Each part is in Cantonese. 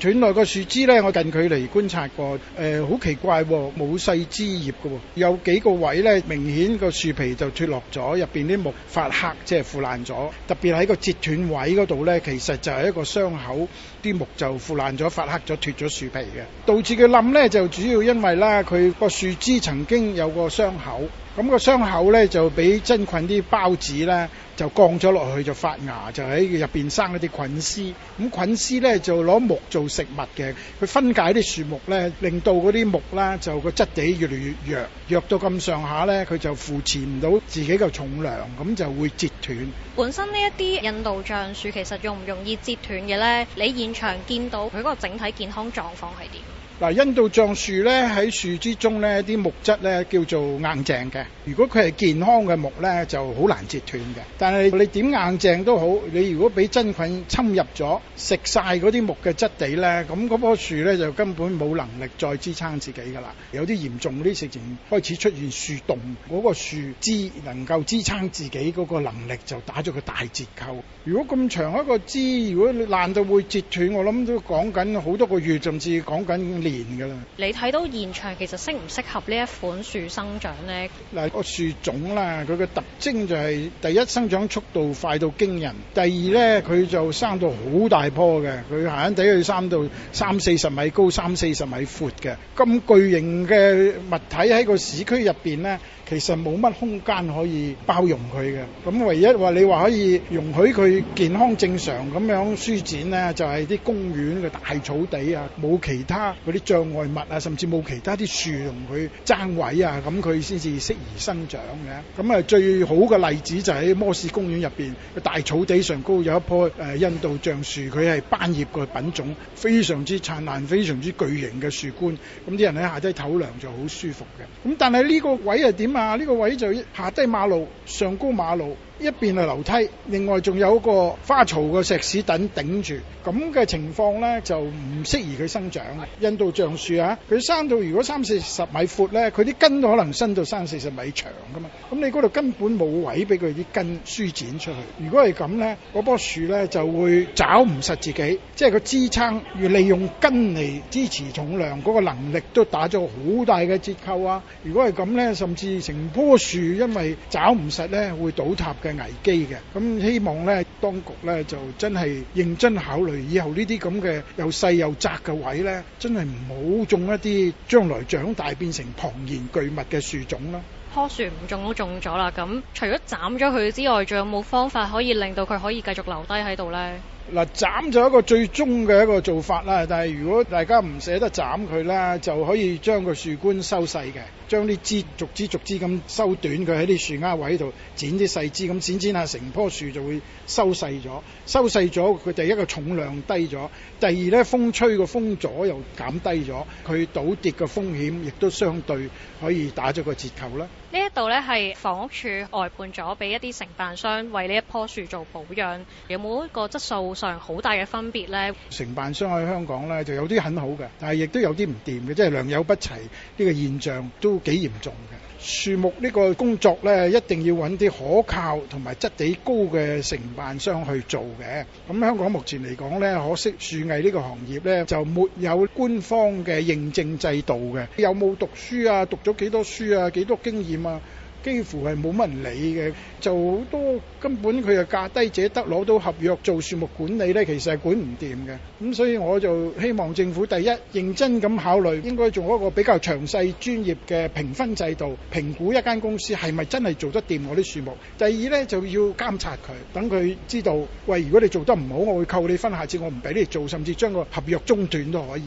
斷落個樹枝咧，我近距離觀察過，誒、呃，好奇怪喎、哦，冇細枝葉㗎喎，有幾個位咧，明顯個樹皮就脫落咗，入面啲木發黑，即係腐爛咗。特別喺個截斷位嗰度咧，其實就係一個傷口，啲木就腐爛咗、發黑咗、脫咗樹皮嘅，導致佢冧咧，就主要因為啦，佢個樹枝曾經有個傷口。咁、那個傷口咧就俾真菌啲孢子咧就降咗落去就發芽，就喺入面生一啲菌絲。咁菌絲咧就攞木做食物嘅，佢分解啲樹木咧，令到嗰啲木咧就個質地越嚟越弱，弱到咁上下咧，佢就扶持唔到自己個重量，咁就會折斷。本身呢一啲印度橡樹其實容唔容易折斷嘅咧？你現場見到佢個整體健康狀況係點？嗱、啊，印度橡樹咧，喺樹之中咧，啲木質咧叫做硬淨嘅。如果佢係健康嘅木咧，就好難截斷嘅。但係你點硬淨都好，你如果俾真菌侵入咗，食曬嗰啲木嘅質地咧，咁嗰棵樹咧就根本冇能力再支撐自己㗎啦。有啲嚴重啲，甚至開始出現樹洞，嗰、嗰個樹枝能夠支撐自己嗰個能力就打咗個大折扣。如果咁長一個枝，如果你爛到會截斷，我諗都講緊好多個月，甚至講緊。嘅啦，你睇到現場，其實適唔適合呢一款樹生長咧？嗱，個樹種啦，佢嘅特徵就係第一生長速度快到驚人，第二咧佢就生到好大棵嘅，佢行緊地佢生到三四十米高，三四十米闊嘅，咁巨型嘅物體喺個市區入邊咧，其實冇乜空間可以包容佢嘅，咁唯一話你話可以容許佢健康正常咁樣舒展咧，就係啲公園嘅大草地啊，冇其他啲。障礙物啊，甚至冇其他啲樹同佢爭位啊，咁佢先至適宜生長嘅。咁啊，最好嘅例子就喺摩士公園入邊，大草地上高有一棵誒印度橡樹，佢係斑葉個品種，非常之燦爛，非常之巨型嘅樹冠。咁啲人喺下低唞涼就好舒服嘅。咁但係呢個位係點啊？呢、呢個位就下低馬路，上高馬路。一邊係樓梯，另外仲有一個花槽、個石屎墩頂住，咁嘅情況呢，就唔適宜佢生長。印度橡樹啊，佢生到如果三四十米闊呢，佢啲根都可能伸到三四十米長噶嘛。咁你嗰度根本冇位俾佢啲根舒展出去。如果係咁呢，嗰棵樹呢就會抓唔實自己，即係個支撐要利用根嚟支持重量嗰個能力都打咗好大嘅折扣啊！如果係咁呢，甚至成棵樹因為抓唔實呢，會倒塌嘅。危機嘅，咁希望咧，當局咧就真係認真考慮以後呢啲咁嘅又細又窄嘅位咧，真係唔好種一啲將來長大變成龐然巨物嘅樹種啦。棵樹唔種都種咗啦，咁除咗斬咗佢之外，仲有冇方法可以令到佢可以繼續留低喺度咧？嗱，斬咗一個最終嘅一個做法啦，但係如果大家唔捨得斬佢咧，就可以將個樹冠收細嘅，將啲枝逐枝逐枝咁收短，佢喺啲樹丫位度剪啲細枝咁剪剪下，成棵樹就會收細咗。收細咗，佢第一個重量低咗，第二呢，風吹個風阻又減低咗，佢倒跌嘅風險亦都相對可以打咗個折扣啦。度咧係房屋署外判咗俾一啲承辦商為呢一棵樹做保養，有冇一個質素上好大嘅分別咧？承辦商喺香港咧，就有啲很好嘅，但係亦都有啲唔掂嘅，即係良莠不齊呢個現象都幾嚴重嘅。樹木呢個工作咧，一定要揾啲可靠同埋質地高嘅承辦商去做嘅。咁香港目前嚟講咧，可惜樹藝呢個行業咧就沒有官方嘅認證制度嘅。有冇讀書啊？讀咗幾多書啊？幾多經驗啊？幾乎係冇乜人理嘅，就好多根本佢又價低者得攞到合約做樹木管理呢，其實係管唔掂嘅。咁所以我就希望政府第一認真咁考慮，應該做一個比較詳細專業嘅評分制度，評估一間公司係咪真係做得掂我啲樹木。第二呢，就要監察佢，等佢知道喂，如果你做得唔好，我會扣你分，下次我唔俾你做，甚至將個合約中斷都可以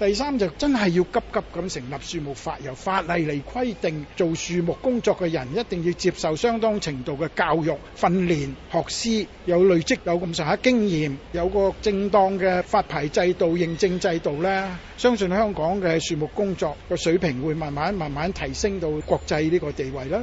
嘅。第三就真係要急急咁成立樹木法由，由法例嚟規定做樹木工作嘅。人一定要接受相當程度嘅教育、訓練、學師，有累積有咁上下經驗，有個正當嘅發牌制度、認證制度咧，相信香港嘅樹木工作嘅水平會慢慢慢慢提升到國際呢個地位啦。